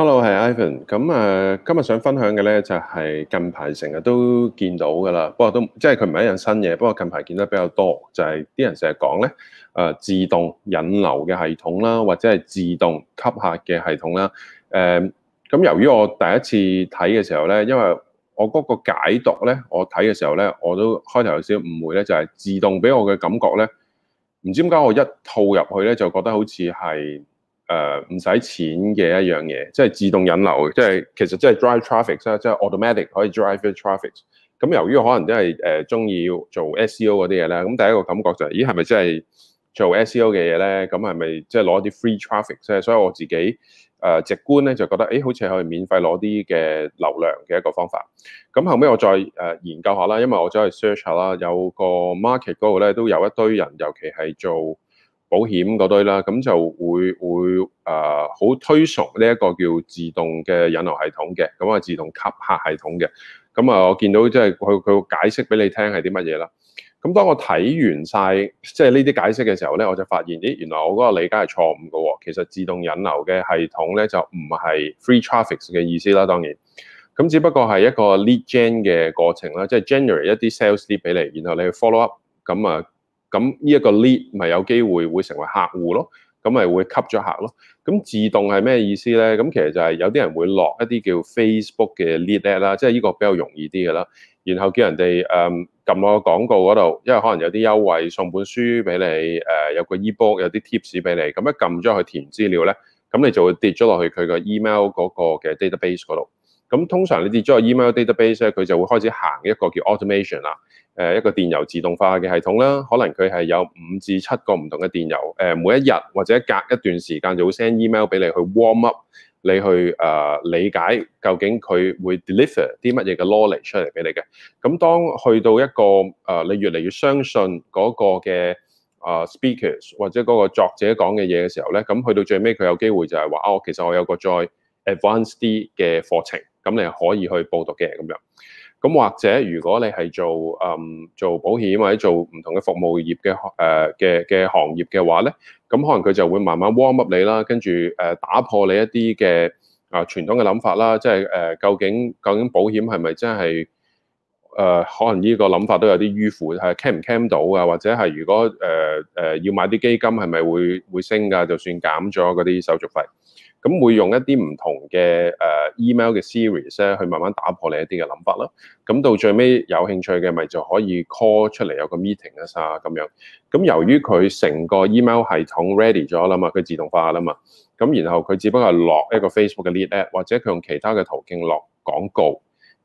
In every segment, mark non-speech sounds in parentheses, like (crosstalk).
Hello，係 Ivan。咁啊，今日想分享嘅咧就係近排成日都見到噶啦。不過都即係佢唔係一樣新嘢，不過近排見得比較多，就係、是、啲人成日講咧，誒、呃、自動引流嘅系統啦，或者係自動吸客嘅系統啦。誒、呃、咁，由於我第一次睇嘅時候咧，因為我嗰個解讀咧，我睇嘅時候咧，我都開頭有少誤會咧，就係、是、自動俾我嘅感覺咧，唔知點解我一套入去咧，就覺得好似係。誒唔使錢嘅一樣嘢，即係自動引流，即係其實即係 drive traffic 啦，即係 automatic 可以 drive traffic。咁、嗯、由於可能即係誒中意做 SEO 嗰啲嘢咧，咁、嗯、第一個感覺就係、是，咦係咪真係做 SEO 嘅嘢咧？咁係咪即係攞啲 free traffic 即啫？所以我自己誒、呃、直觀咧就覺得，誒、欸、好似可以免費攞啲嘅流量嘅一個方法。咁、嗯、後尾我再誒、呃、研究下啦，因為我走去 search 下啦，有個 market 嗰度咧都有一堆人，尤其係做。保險嗰堆啦，咁就會會誒好、呃、推崇呢一個叫自動嘅引流系統嘅，咁啊自動吸客系統嘅，咁啊我見到即係佢佢會解釋俾你聽係啲乜嘢啦。咁當我睇完晒即係呢啲解釋嘅時候咧，我就發現咦原來我嗰個理解係錯誤嘅喎。其實自動引流嘅系統咧就唔係 free traffic 嘅意思啦，當然咁只不過係一個 lead gen 嘅過程啦，即係 generate 一啲 sales lead 俾你，然後你去 follow up，咁啊。咁呢一個 lead 咪有機會會成為客戶咯，咁咪會吸咗客咯。咁自動係咩意思咧？咁其實就係有啲人會落一啲叫 Facebook 嘅 lead ads 啦，即係呢個比較容易啲嘅啦。然後叫人哋誒撳我個廣告嗰度，因為可能有啲優惠送本書俾你，誒、呃、有個 e-book 有啲 tips 俾你。咁一撳咗去填資料咧，咁你就會跌咗落去佢 em 個 email 嗰個嘅 database 嗰度。咁通常你跌咗落 email database 咧，佢就會開始行一個叫 automation 啦。誒一個電郵自動化嘅系統啦，可能佢係有五至七個唔同嘅電郵，誒、呃、每一日或者隔一段時間就會 send email 俾你去 warm up，你去誒、呃、理解究竟佢會 deliver 啲乜嘢嘅 knowledge 出嚟俾你嘅。咁、嗯、當去到一個誒、呃、你越嚟越相信嗰個嘅誒、呃、speakers 或者嗰個作者講嘅嘢嘅時候咧，咁、嗯、去到最尾佢有機會就係話哦，其實我有個再 advanced 啲嘅課程，咁、嗯、你係可以去報讀嘅咁樣。咁或者如果你係做誒做保險或者做唔同嘅服務業嘅誒嘅嘅行業嘅話咧，咁可能佢就會慢慢 warm up 你啦，跟住誒打破你一啲嘅啊傳統嘅諗法啦，即係誒究竟究竟保險係咪真係誒可能呢個諗法都有啲迂腐，係 claim 唔 claim 到啊？或者係如果誒誒要買啲基金係咪會會升噶？就算減咗嗰啲手續費。咁會用一啲唔同嘅誒 email 嘅 series 咧，去慢慢打破你一啲嘅諗法囉。咁到最尾有興趣嘅咪就可以 call 出嚟有個 meeting 啊，咁樣。咁由於佢成個 email 系統 ready 咗啦嘛，佢自動化啦嘛。咁然後佢只不過係落一個 Facebook 嘅 lead app，或者佢用其他嘅途徑落廣告，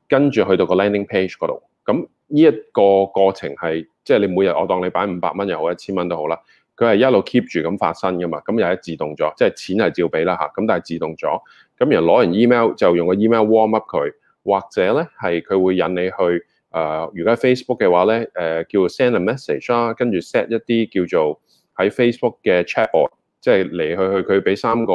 跟住去到個 landing page 嗰度。咁呢一個過程係即係你每日我當你擺五百蚊又好一千蚊都好啦。佢係一路 keep 住咁發生噶嘛，咁又係自動咗，即係錢係照俾啦嚇，咁但係自動咗，咁然後攞完 email 就用個 email warm up 佢，或者咧係佢會引你去，誒、呃、如果喺 Facebook 嘅話咧，誒、呃、叫 send a message 啦、啊，跟住 set 一啲叫做喺 Facebook 嘅 chatbot 即係嚟去去佢俾三個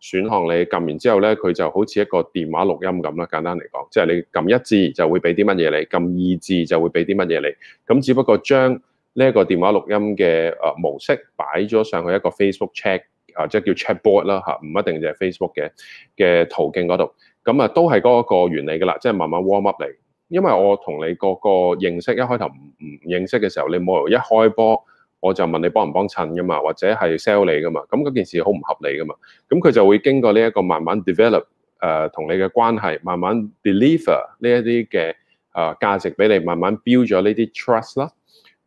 選項你撳完之後咧，佢就好似一個電話錄音咁啦，簡單嚟講，即係你撳一字就會俾啲乜嘢你，撳二字就會俾啲乜嘢你，咁只不過將，呢一個電話錄音嘅誒模式擺咗上去一個 Facebook chat 啊，即係叫 chat board 啦嚇，唔一定就係 Facebook 嘅嘅途徑嗰度，咁啊都係嗰個原理噶啦，即係慢慢 warm up 嚟。因為我同你個個認識，一開頭唔唔認識嘅時候，你冇一開波我就問你幫唔幫襯噶嘛，或者係 sell 你噶嘛，咁嗰件事好唔合理噶嘛，咁佢就會經過呢一個慢慢 develop 誒同你嘅關係，慢慢 deliver 呢一啲嘅誒價值俾你，慢慢 build 咗呢啲 trust 啦。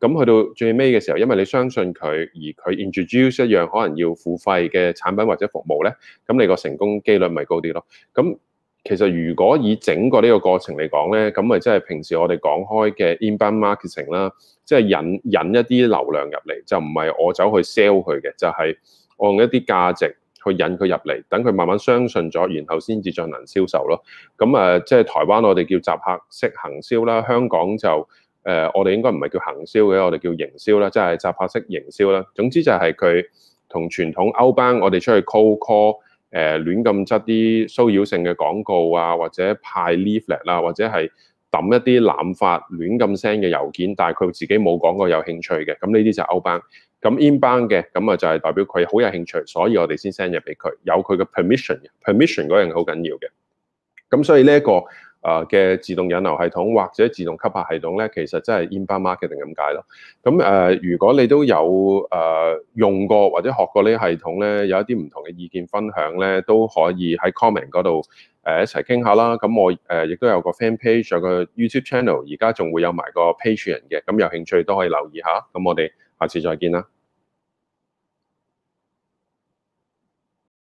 咁去到最尾嘅時候，因為你相信佢，而佢 introduce 一樣可能要付費嘅產品或者服務咧，咁你個成功機率咪高啲咯？咁其實如果以整個呢個過程嚟講咧，咁咪即係平時我哋講開嘅 inbound marketing 啦，即係引引一啲流量入嚟，就唔係我走去 sell 佢嘅，就係我用一啲價值去引佢入嚟，等佢慢慢相信咗，然後先至進行銷售咯。咁啊，即係台灣我哋叫集客式行銷啦，香港就誒、 (noise) 嗯，我哋應該唔係叫行銷嘅，我哋叫營銷啦，即係集拍式營銷啦。總之就係佢同傳統歐班，我哋出去 call call，誒、呃、亂咁執啲騷擾性嘅廣告啊，或者派 leaflet 啦、啊，或者係抌一啲濫發亂咁 send 嘅郵件，但係佢自己冇講過有興趣嘅，咁呢啲就歐班。咁 in 班嘅，咁啊就係代表佢好有興趣，所以我哋先 send 入俾佢，有佢嘅 per (music) permission 嘅，permission 嗰樣好緊要嘅。咁所以呢、這、一個啊嘅、呃、自動引流系統或者自動吸客系統咧，其實真係 inbound marketing 咁解咯。咁、嗯、誒、呃，如果你都有誒、呃、用過或者學過呢系統咧，有一啲唔同嘅意見分享咧，都可以喺 comment 嗰度誒、呃、一齊傾下啦。咁、嗯、我誒亦、呃、都有個 fan page，有個 YouTube channel，而家仲會有埋個 Patreon 嘅。咁、嗯、有興趣都可以留意下。咁我哋下次再見啦。